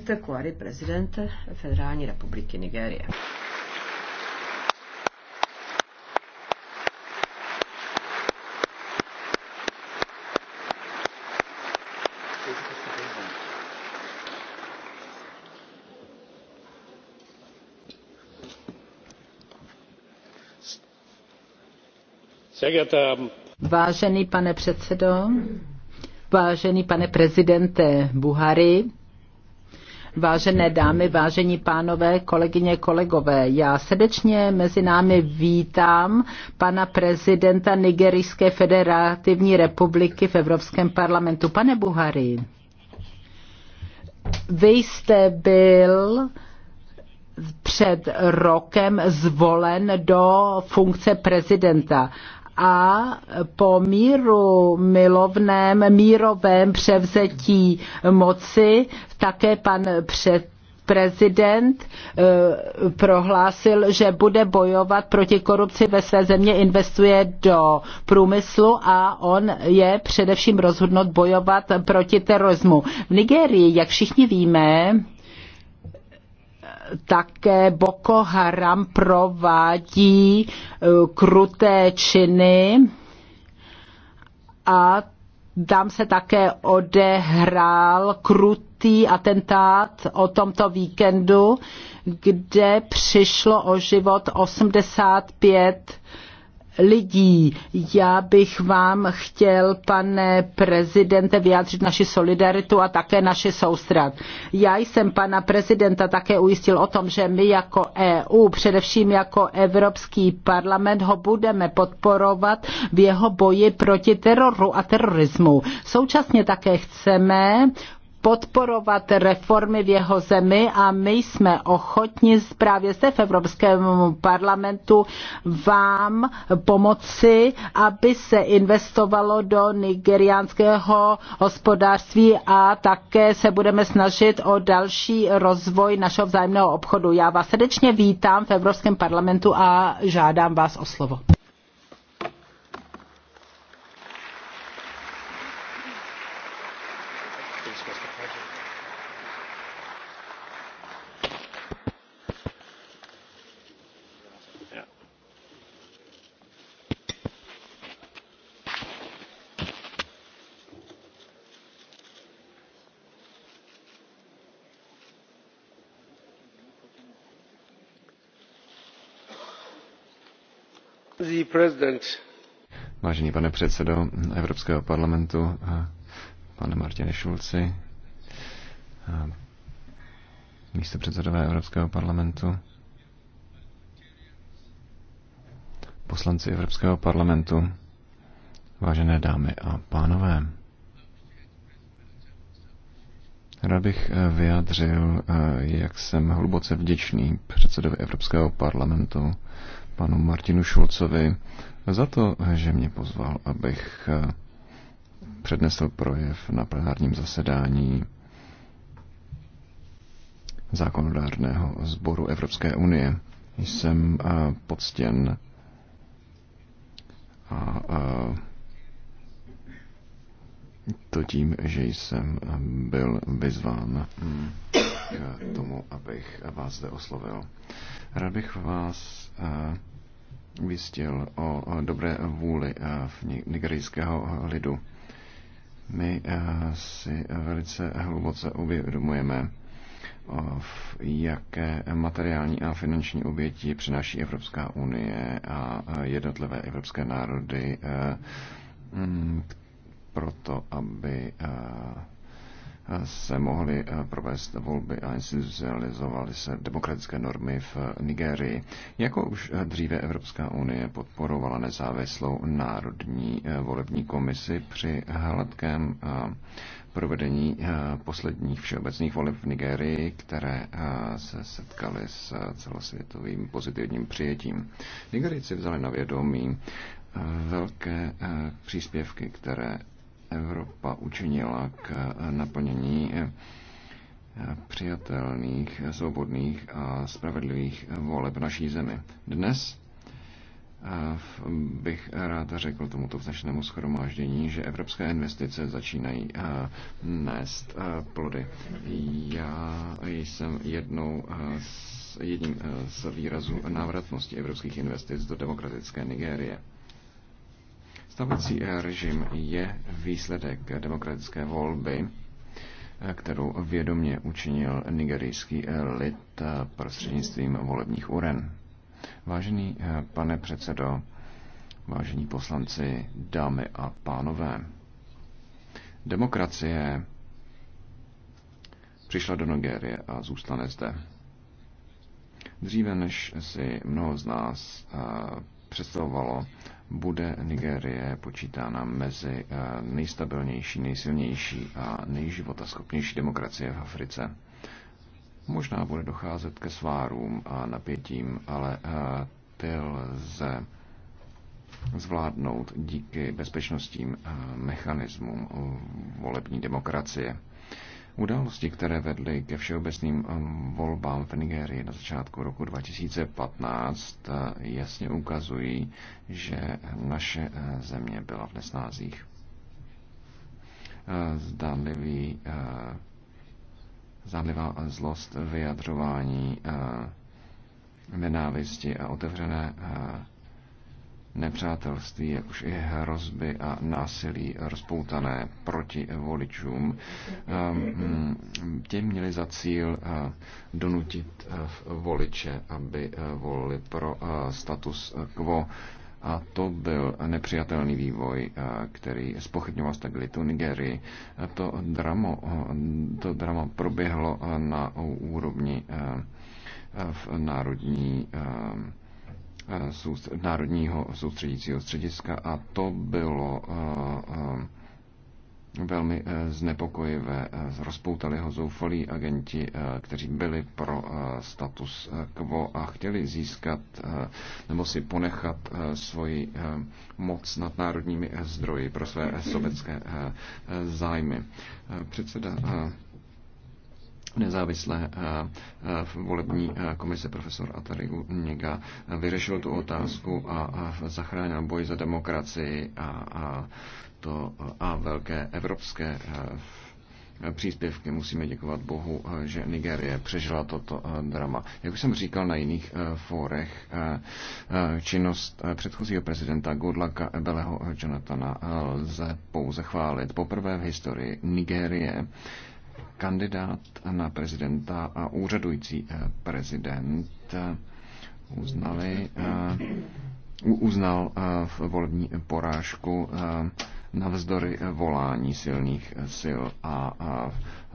Ntakwari, prezident Federální republiky Nigérie. Vážený pane předsedo, vážený pane prezidente Buhari, Vážené dámy, vážení pánové, kolegyně, kolegové, já srdečně mezi námi vítám pana prezidenta Nigerijské federativní republiky v Evropském parlamentu. Pane Buhari, vy jste byl před rokem zvolen do funkce prezidenta a po míru milovném, mírovém převzetí moci také pan před prezident eh, prohlásil, že bude bojovat proti korupci ve své země, investuje do průmyslu a on je především rozhodnut bojovat proti terorismu. V Nigerii, jak všichni víme, také Boko Haram provádí eh, kruté činy a tam se také odehrál krutý atentát o tomto víkendu, kde přišlo o život 85 lidí. Já bych vám chtěl, pane prezidente, vyjádřit naši solidaritu a také naši soustrat. Já jsem pana prezidenta také ujistil o tom, že my jako EU, především jako Evropský parlament, ho budeme podporovat v jeho boji proti teroru a terorismu. Současně také chceme podporovat reformy v jeho zemi a my jsme ochotni právě zde v Evropském parlamentu vám pomoci, aby se investovalo do nigeriánského hospodářství a také se budeme snažit o další rozvoj našeho vzájemného obchodu. Já vás srdečně vítám v Evropském parlamentu a žádám vás o slovo. Vážený pane předsedo Evropského parlamentu, eh, pane Martine Šulci, eh, místo předsedové Evropského parlamentu, poslanci Evropského parlamentu, vážené dámy a pánové. Rád bych eh, vyjádřil, jak jsem hluboce vděčný předsedovi Evropského parlamentu panu Martinu Šulcovi za to, že mě pozval, abych eh, přednesl projev na plenárním zasedání zákonodárného sboru Evropské unie. Jsem eh, poctěn a eh, to tím, že jsem byl vyzván hm, k tomu, abych vás zde oslovil. Rád bych vás vystil o dobré vůli eh, nigerijského lidu. My eh, si velice hluboce uvědomujeme, v jaké materiální a finanční oběti přináší Evropská unie a jednotlivé evropské národy eh, proto, aby se mohly eh, provést volby a institucionalizovaly se demokratické normy v eh, Nigérii. Jako už eh, dříve Evropská unie podporovala nezávislou národní volební komisi při hladkém provedení posledních všeobecných voleb v Nigérii, které se setkaly s celosvětovým pozitivním přijetím. Nigerici vzali na vědomí velké příspěvky, které Evropa učinila k eh, naplnění eh, přijatelných, eh, svobodných a spravedlivých voleb naší zemi. Dnes bych rád řekl tomuto vznačnému schromáždění, že evropské investice začínají nést plody. Já jsem jednou s jedním z výrazů návratnosti evropských investic do demokratické Nigérie. Stávající eh, režim je výsledek demokratické volby, eh, kterou vědomě učinil nigerijský eh, lid prostřednictvím volebních uren. Vážený pane předsedo, vážení poslanci, dámy a pánové, demokracie přišla do Nigérie a zůstane zde. Dříve než si mnoho z nás představovalo, bude Nigérie počítána mezi eh, nejstabilnější, nejsilnější a nejživotaschopnější demokracie v Africe. Možná bude docházet ke svárům a napětím, ale eh, ty lze zvládnout díky bezpečnostním eh, mechanismům volební demokracie. Události, které vedly ke všeobecným um, volbám v Nigérii na začátku roku 2015, eh, jasně ukazují, že naše eh, země byla v nesnázích. Eh, zdánlivý, zdánlivá zlost vyjadřování nenávisti a otevřené nepřátelství, jak už i hrozby a násilí rozpoutané proti voličům. Těm ehm, mm, měli za cíl eh, donutit eh, voliče, aby eh, volili pro status quo. A to byl nepřijatelný vývoj, který spochybňoval stabilitu Nigerii. To, dramo, to drama proběhlo na úrovni v národní Národního soustředícího střediska a to bylo eh, eh, velmi eh, znepokojivé. Rozpoutali ho zoufalí agenti, kteří byli pro status quo a chtěli získat nebo si ponechat svoji moc nad národními zdroji pro své sobecké zájmy. Předseda nezávislé eh, eh, volební eh, komise profesor Atarigu Něga vyřešil tu otázku a zachránil boj za demokracii a, a, to, a velké evropské příspěvky. Musíme děkovat Bohu, že Nigerie přežila toto drama. Jak už jsem říkal na jiných fórech, činnost předchozího prezidenta Godlaka Ebeleho Jonathana lze pouze chválit. Poprvé v historii Nigérie kandidát na prezidenta a úřadující eh, prezident eh, uznali, eh, uznal volební porážku navzdory volání silných sil a, a,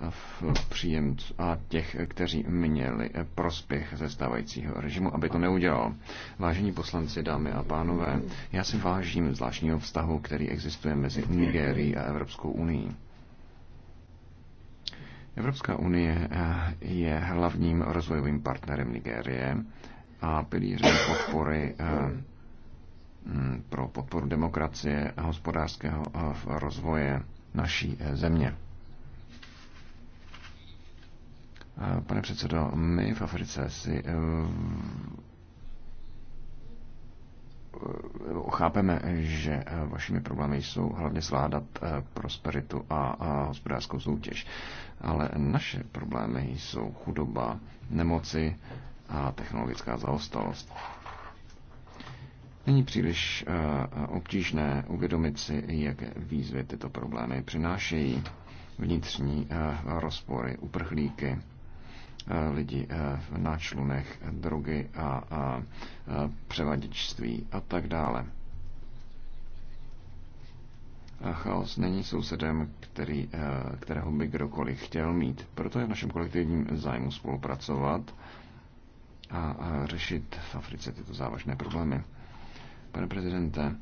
v příjemců a těch, kteří měli prospěch ze stávajícího režimu, aby to neudělal. Vážení poslanci, dámy a pánové, já si vážím zvláštního vztahu, který existuje mezi Nigérií a Evropskou unii. Evropská unie eh, je hlavním rozvojovým partnerem Nigérie a pilířem podpory eh, mm, pro podporu demokracie a hospodářského eh, rozvoje naší země. Pane předsedo, my v Africe si chápeme, že eh, vašimi problémy jsou hlavně zvládat eh, prosperitu a hospodářskou soutěž. Ale naše problémy jsou chudoba, nemoci a technologická zaostalost. Není příliš eh, obtížné uvědomit si, jaké výzvy tyto problémy přinášejí. Vnitřní rozpory, uprchlíky, lidi v náčlunech, drogy a, převaděčství a tak dále. A chaos není sousedem, který, eh, kterého by kdokoliv chtěl mít. Proto je v našem kolektivním zájmu spolupracovat a řešit v Africe tyto závažné problémy. Pane prezidente,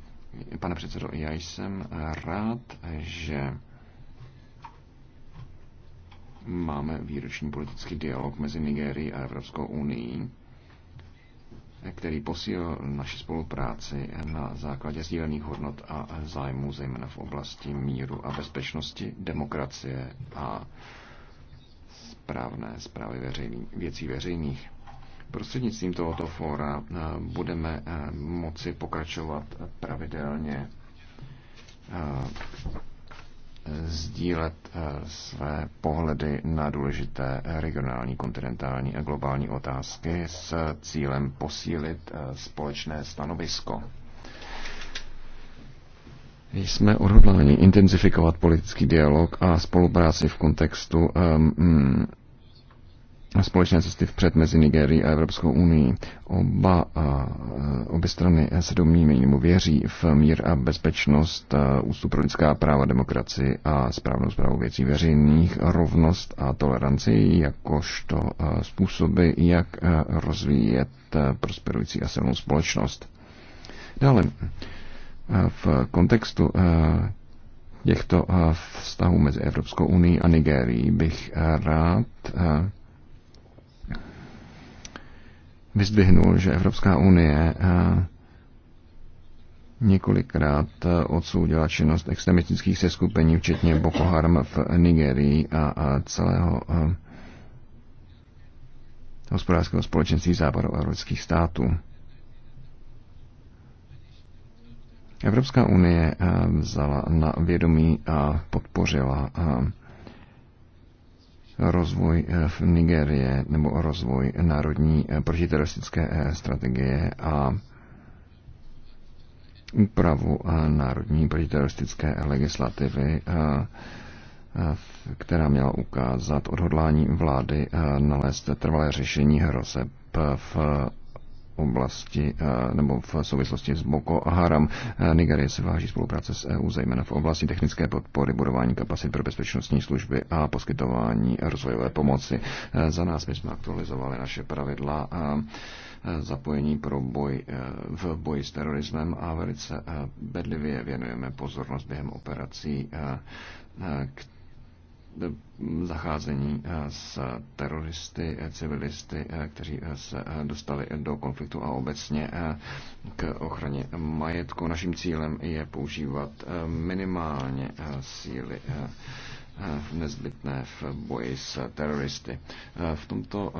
pane předsedo, já jsem rád, že máme výroční politický dialog mezi Nigérií a Evropskou unii který posílil naši spolupráci na základě sdílených hodnot a zájmů, zejména v oblasti míru a bezpečnosti, demokracie a správné zprávy veřejný, věcí veřejných. Prostřednictvím tohoto fóra eh, budeme eh, moci pokračovat pravidelně eh, sdílet eh, své pohledy na důležité regionální, kontinentální a globální otázky s cílem posílit eh, společné stanovisko. Jsme odhodláni intenzifikovat politický dialog a spolupráci v kontextu um, společné cesty vpřed mezi Nigérií a Evropskou unii. Oba, a, obě strany se domnívají nebo věří v mír a bezpečnost, ústup pro lidská práva, demokracii a správnou zprávu věcí veřejných, rovnost a toleranci, jakožto způsoby, jak rozvíjet prosperující a silnou společnost. Dále, v kontextu těchto vztahů mezi Evropskou unii a Nigérií bych rád vyzdvihnul, že Evropská unie eh, několikrát eh, odsoudila činnost extremistických seskupení, včetně Boko Haram v Nigerii a celého eh, hospodářského společenství západu evropských států. Evropská unie vzala na vědomí a podpořila rozvoj eh, v Nigerie nebo rozvoj národní eh, protiteroristické eh, strategie a úpravu národní protiteroristické legislativy, která měla ukázat odhodlání vlády nalézt trvalé řešení hrozeb v oblasti eh, nebo v souvislosti s Boko Haram. Eh, Nigerie se váží spolupráce s EU, zejména v oblasti technické podpory, budování kapacit pro bezpečnostní služby a poskytování rozvojové pomoci. Eh, za nás my jsme aktualizovali naše pravidla zapojení pro boj v boji s terorismem a velice bedlivě věnujeme pozornost během operací, zacházení eh, s teroristy, eh, civilisty, eh, kteří se dostali do konfliktu a obecně k ochraně majetku. Naším cílem je používat minimálně síly nezbytné v boji s teroristy. V tomto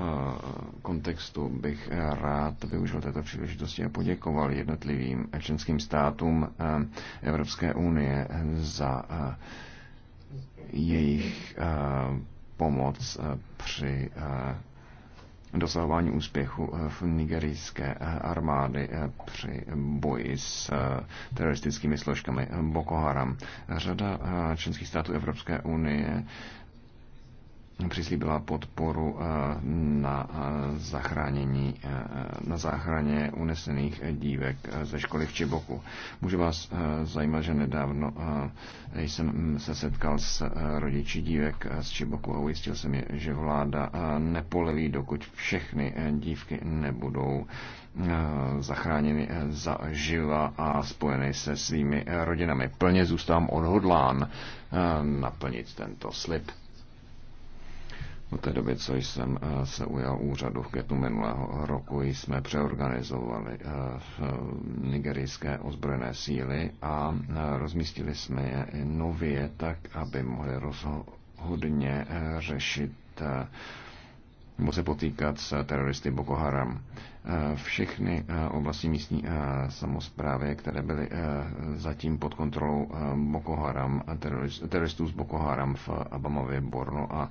kontextu bych rád využil této příležitosti a poděkoval jednotlivým členským státům Evropské unie za jejich eh, pomoc eh, při eh, dosahování úspěchu v nigerijské armády při boji s teroristickými složkami Boko Haram. Řada členských států Evropské unie přislíbila podporu eh, na eh, zachránění, eh, na záchraně unesených dívek ze školy v Čiboku. Může vás zajímat, že nedávno jsem mm, se setkal s rodiči dívek z Čiboku a ujistil jsem je, že vláda nepoleví, dokud všechny dívky nebudou zachráněny živa a spojeny se svými rodinami. Plně zůstám odhodlán naplnit tento slib. Od té doby, co jsem eh, se ujal úřadu v květnu minulého roku, jsme přeorganizovali eh, eh, nigerijské ozbrojené síly a rozmístili jsme je nově tak, aby mohli rozhodně řešit nebo se potýkat s teroristy Boko Haram. Všechny oblasti místní samozprávy, které byly zatím pod kontrolou Boko Haram, teroristů z Boko Haram v Abamově, Borno a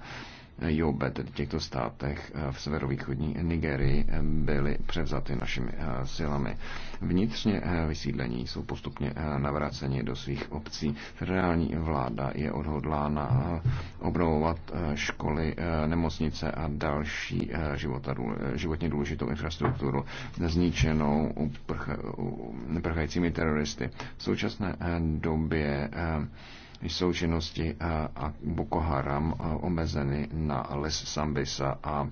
Jobet v těchto státech eh, v severovýchodní Nigerii eh, byly převzaty našimi eh, silami. Vnitřně vysídlení jsou postupně navraceni do svých obcí. Federální vláda je odhodlána obnovovat školy, nemocnice a další životně důležitou infrastrukturu zničenou uprchajícími teroristy. V současné době jsou činnosti a Boko Haram omezeny na les Sambisa a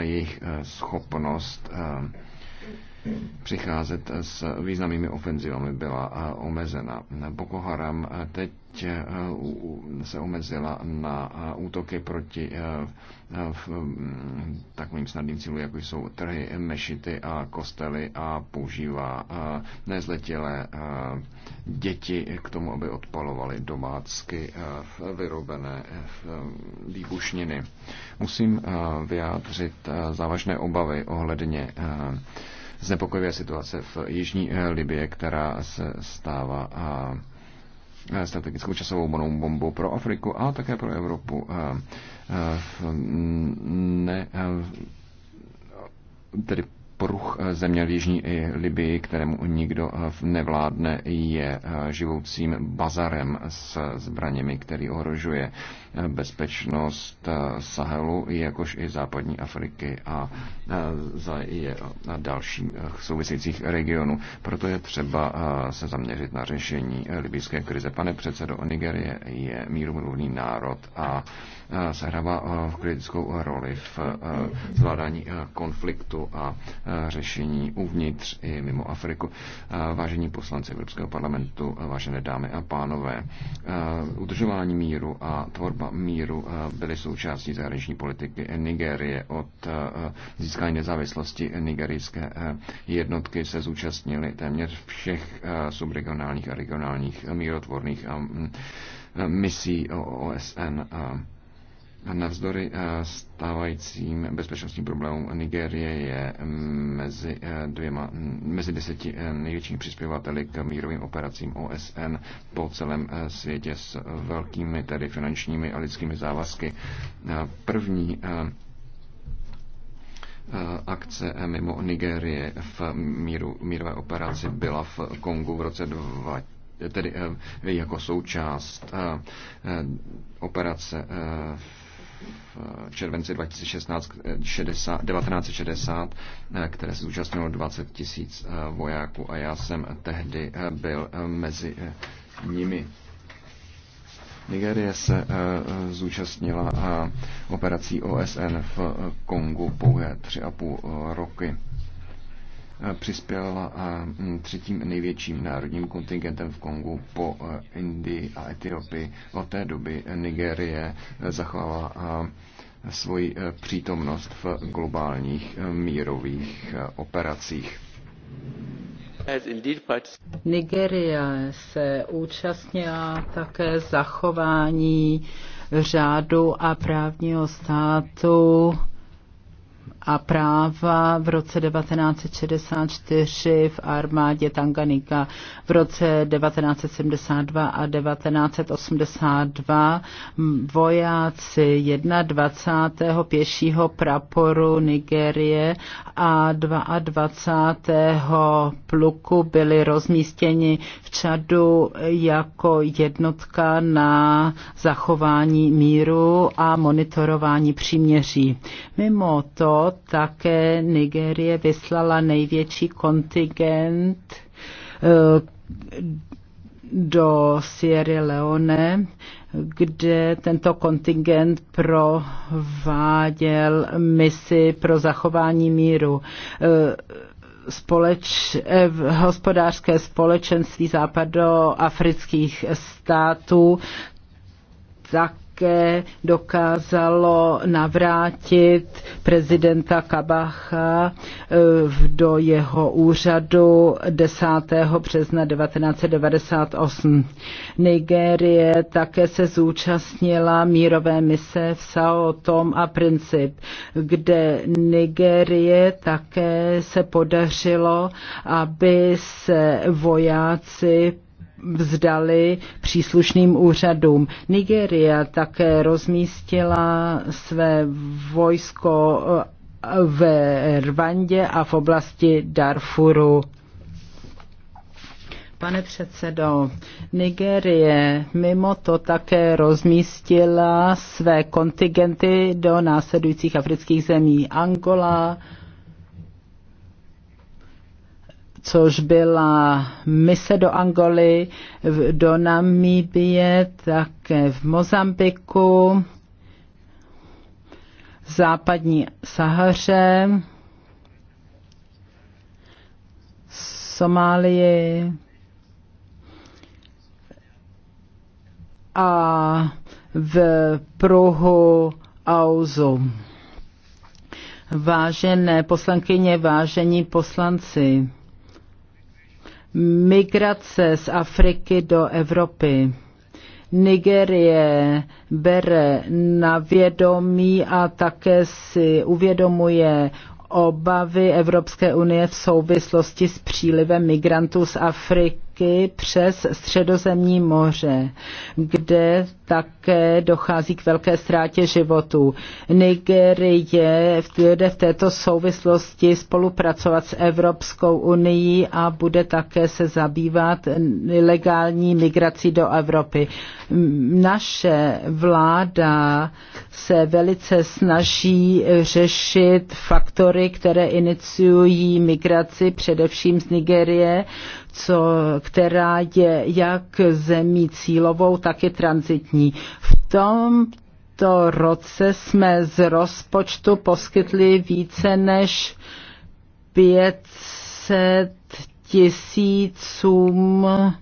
jejich schopnost přicházet s významnými ofenzivami byla eh, omezena. Boko Haram eh, teď eh, se omezila na útoky proti mm, takovým snadným cílům, jako jsou trhy, mešity a kostely a používá nezletilé děti k tomu, aby odpalovali domácky vyrobené výbušniny. Musím vyjádřit závažné obavy ohledně znepokojivé situace v jižní eh, Libie, která se stává eh, strategickou časovou bombou pro Afriku a také pro Evropu. Eh, ne, tedy poruch eh, země Jižní i eh, Libii, kterému nikdo eh, nevládne, je živoucím bazarem s zbraněmi, který ohrožuje bezpečnost Sahelu, jakož i západní Afriky a, za je dalších souvisejících regionů. Proto je třeba se zaměřit na řešení libijské krize. Pane předsedo, Nigerie je mírumluvný národ a sehrává kritickou roli v zvládání konfliktu a řešení uvnitř i mimo Afriku. Vážení poslanci Evropského parlamentu, vážené dámy a pánové, udržování míru a tvorba míru byly součástí zahraniční politiky Nigérie. Od získání nezávislosti nigerijské jednotky se zúčastnili téměř všech subregionálních a regionálních mírotvorných misí OSN Navzdory eh, stávajícím bezpečnostním problémům Nigérie je mm, mezi, eh, dvěma, mm, mezi deseti eh, největšími přispěvateli k mírovým operacím OSN po celém světě s velkými tedy finančními a lidskými závazky. První akce mimo Nigérie v míru, mírové operaci byla v Kongu v roce 2000 tedy jako součást operace v eh, červenci 2016, 60, 1960, které se zúčastnilo 20 tisíc eh, vojáků a já jsem tehdy eh, byl mezi nimi. Nigérie se zúčastnila operací OSN v Kongu pouhé tři a půl roky přispěl eh, třetím největším národním kontingentem v Kongu po eh, Indii a Etiopii. Od té doby Nigérie eh, zachovala svoji přítomnost v globálních mírových operacích. Nigeria se účastnila také zachování řádu a právního státu a práva v roce 1964 v armádě Tanganyika v roce 1972 a 1982 vojáci 21. pěšího praporu Nigérie a 22. pluku byli rozmístěni v Čadu jako jednotka na zachování míru a monitorování příměří. Mimo to také Nigérie vyslala největší kontingent eh, do Sierra Leone, kde tento kontingent prováděl misi pro zachování míru eh, společ, eh, hospodářské společenství západoafrických států tak také dokázalo navrátit prezidenta Kabacha eh, do jeho úřadu 10. března 1998. Nigérie také se zúčastnila mírové mise v Sao Tom a Princip, kde Nigérie také se podařilo, aby se vojáci vzdali příslušným úřadům. Nigeria také rozmístila své vojsko eh, v Rwandě a v oblasti Darfuru. Pane předsedo, Nigerie mimo to také rozmístila své kontingenty do následujících afrických zemí Angola, což byla mise do Angoly, do Namíbie, také v Mozambiku, v západní Sahaře, Somálii a v pruhu Auzu. Vážené poslankyně, vážení poslanci, migrace z Afriky do Evropy. Nigerie bere na vědomí a také si uvědomuje obavy Evropské unie v souvislosti s přílivem migrantů z Afriky taky přes středozemní moře, kde také dochází k velké ztrátě životů. Nigerie bude v této souvislosti spolupracovat s Evropskou unii a bude také se zabývat ilegální migrací do Evropy. Naše vláda se velice snaží řešit faktory, které iniciují migraci především z Nigerie, co, která je jak zemí cílovou, tak i transitní. V tomto roce jsme z rozpočtu poskytli více než 500 tisícům eh,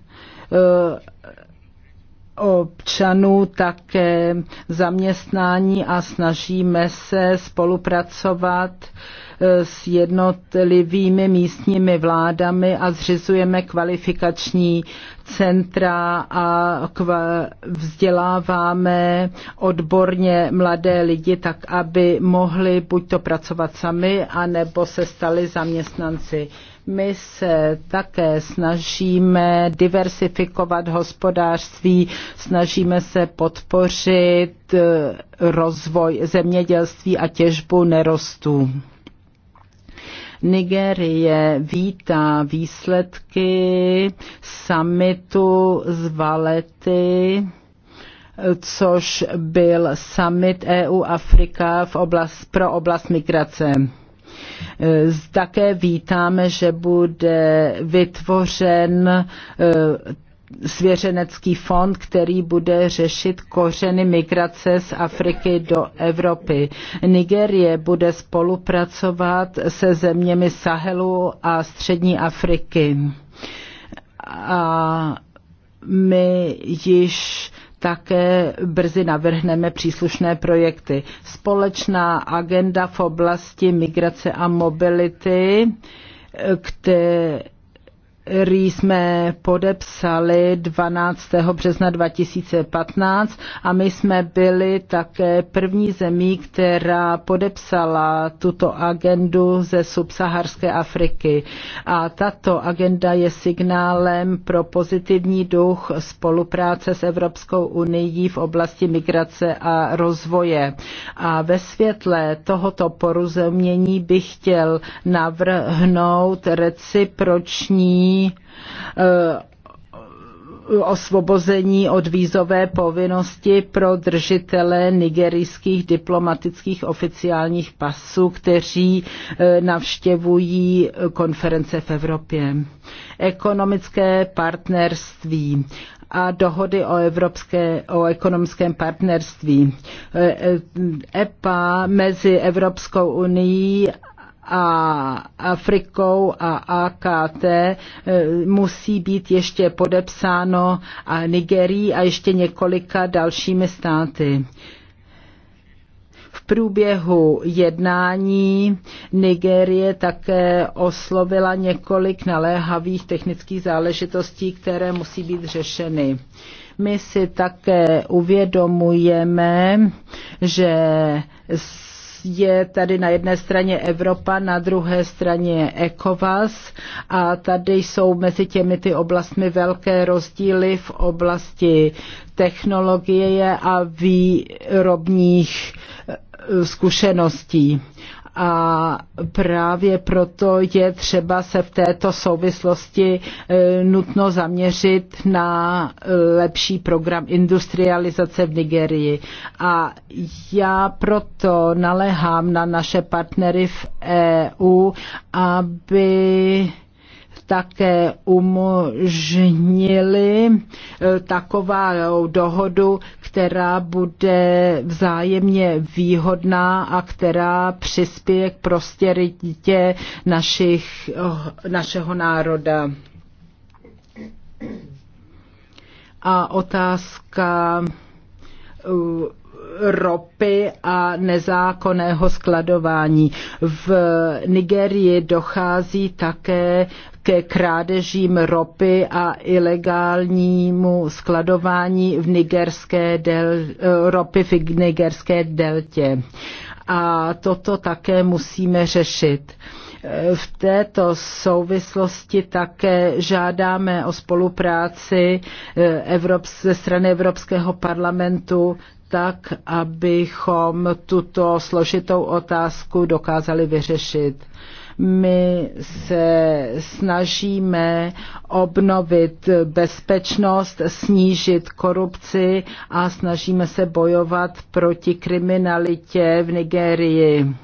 občanů také zaměstnání a snažíme se spolupracovat uh, Eh, s jednotlivými místními vládami a zřizujeme kvalifikační centra a vzděláváme odborně mladé lidi tak, aby mohli buď to pracovat sami, anebo se stali zaměstnanci. My se také snažíme diversifikovat hospodářství, snažíme se podpořit eh, rozvoj zemědělství a těžbu nerostů. Nigérie vítá výsledky summitu z Valety což byl summit EU Afrika v oblast, pro oblast migrace. Také vítáme, že bude vytvořen eh, svěřenecký fond, který bude řešit kořeny migrace z Afriky do Evropy. Nigerie bude spolupracovat se zeměmi Sahelu a Střední Afriky. A my již také brzy navrhneme příslušné projekty. Společná agenda v oblasti migrace a mobility, které jsme podepsali 12. března 2015 a my jsme byli také první zemí, která podepsala tuto agendu ze subsaharské Afriky. A tato agenda je signálem pro pozitivní duch spolupráce s Evropskou unii v oblasti migrace a rozvoje. A ve světle tohoto porozumění bych chtěl navrhnout reciproční Eh, osvobození od vízové povinnosti pro držitele nigerijských diplomatických oficiálních pasů, kteří eh, navštěvují konference v Evropě. Ekonomické partnerství a dohody o, evropské, o ekonomickém partnerství. Eh, EPA mezi Evropskou unii a Afrikou a AKT eh, musí být ještě podepsáno a Nigerii a ještě několika dalšími státy. V průběhu jednání Nigérie také oslovila několik naléhavých technických záležitostí, které musí být řešeny. My si také uvědomujeme, že je tady na jedné straně Evropa, na druhé straně ECOVAS a tady jsou mezi těmi ty oblastmi velké rozdíly v oblasti technologie a výrobních eh, zkušeností a právě proto je třeba se v této souvislosti e, nutno zaměřit na e, lepší program industrializace v Nigerii. A já proto naléhám na naše partnery v EU, aby také umožnili e, takovou dohodu, která bude vzájemně výhodná a která přispěje k prostěritě našich, eh, našeho národa. A otázka ropy a nezákonného skladování. V Nigerii dochází také ke krádežím ropy a ilegálnímu skladování v nigerské del, ropy v nigerské deltě. A toto také musíme řešit. V této souvislosti také žádáme o spolupráci eh, Evrop, ze strany Evropského parlamentu tak, abychom tuto složitou otázku dokázali vyřešit. My se snažíme obnovit bezpečnost, snížit korupci a snažíme se bojovat proti kriminalitě v Nigérii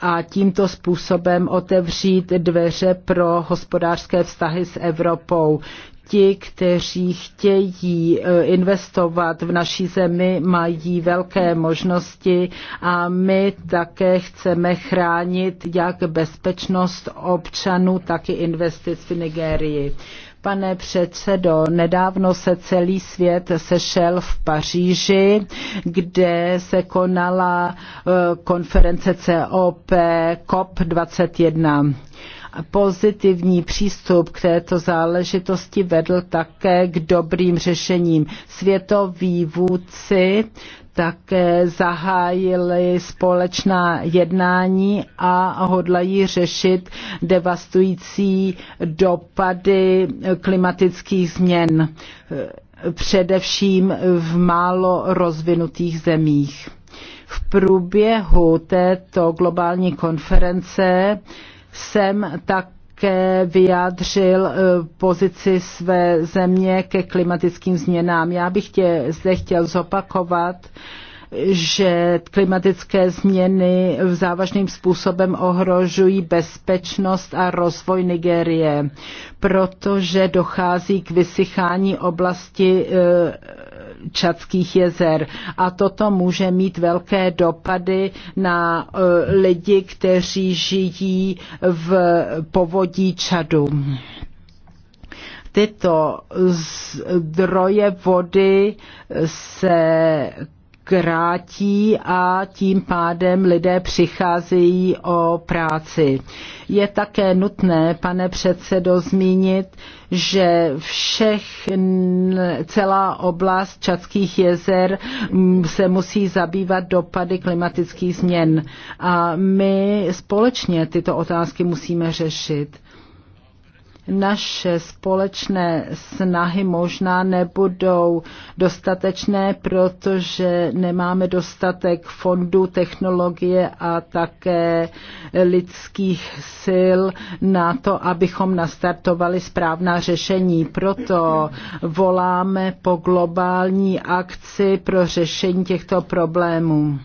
a tímto způsobem otevřít dveře pro hospodářské vztahy s Evropou ti, kteří chtějí eh, investovat v naší zemi, mají velké možnosti a my také chceme chránit jak bezpečnost občanů, tak i investic v Nigérii. Pane předsedo, nedávno se celý svět sešel v Paříži, kde se konala eh, konference COP COP21. Pozitivní přístup k této záležitosti vedl také k dobrým řešením. Světoví vůdci také zahájili společná jednání a hodlají řešit devastující dopady klimatických změn, především v málo rozvinutých zemích. V průběhu této globální konference jsem tak také vyjádřil eh, pozici své země ke klimatickým změnám. Já bych tě zde chtěl zopakovat, že klimatické změny v závažným způsobem ohrožují bezpečnost a rozvoj Nigérie, protože dochází k vysychání oblasti eh, Čadských jezer. A toto může mít velké dopady na e, lidi, kteří žijí v povodí Čadu tyto zdroje vody se krátí a tím pádem lidé přicházejí o práci. Je také nutné, pane předsedo, zmínit, že všech, celá oblast Čadských jezer se musí zabývat dopady klimatických změn. A my společně tyto otázky musíme řešit naše společné snahy možná nebudou dostatečné, protože nemáme dostatek fondů, technologie a také lidských sil na to, abychom nastartovali správná řešení. Proto voláme po globální akci pro řešení těchto problémů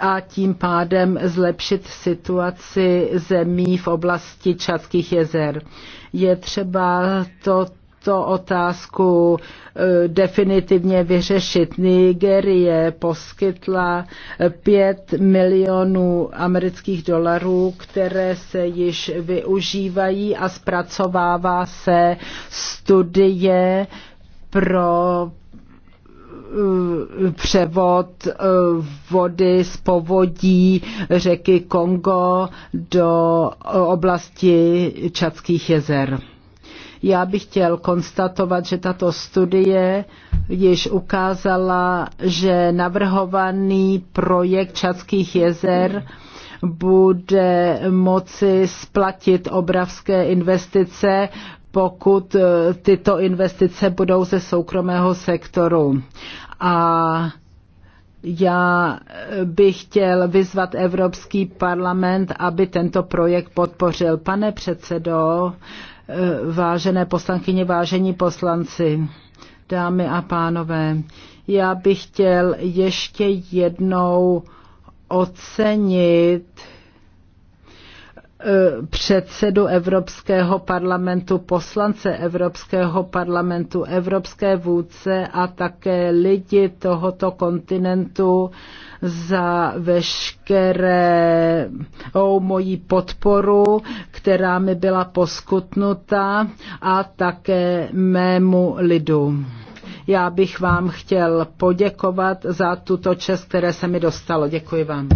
a tím pádem zlepšit situaci zemí v oblasti Čadských jezer. Je třeba to otázku eh, definitivně vyřešit. Nigerie poskytla 5 milionů amerických dolarů, které se již využívají a zpracovává se studie pro Eh, převod eh, vody z povodí řeky Kongo do oblasti Čadských jezer. Já bych chtěl konstatovat, že tato studie již ukázala, že navrhovaný projekt Čadských jezer bude moci splatit obravské investice pokud eh, tyto investice budou ze soukromého sektoru. A já eh, bych chtěl vyzvat Evropský parlament, aby tento projekt podpořil. Pane předsedo, eh, vážené poslankyně, vážení poslanci, dámy a pánové, já bych chtěl ještě jednou ocenit Eh, předsedu Evropského parlamentu, poslance Evropského parlamentu, evropské vůdce a také lidi tohoto kontinentu za veškerou moji podporu, která mi byla poskutnuta a také mému lidu. Já bych vám chtěl poděkovat za tuto čest, které se mi dostalo. Děkuji vám.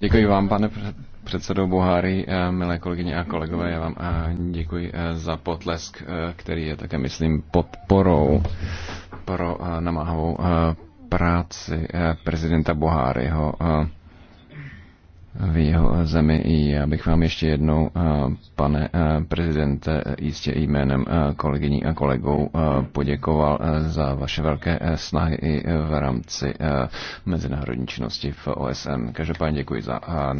Děkuji vám, pane předsedo Buhari, eh, milé kolegyně a kolegové, já vám eh, děkuji eh, za potlesk, který je také, myslím, podporou pro namáhavou práci prezidenta Buhariho v jeho eh, zemi. Já bych vám ještě jednou, eh, pane eh, prezidente, jistě jménem kolegyní a kolegou poděkoval za vaše velké snahy i v rámci mezinárodní činnosti v OSN. Každopádně děkuji za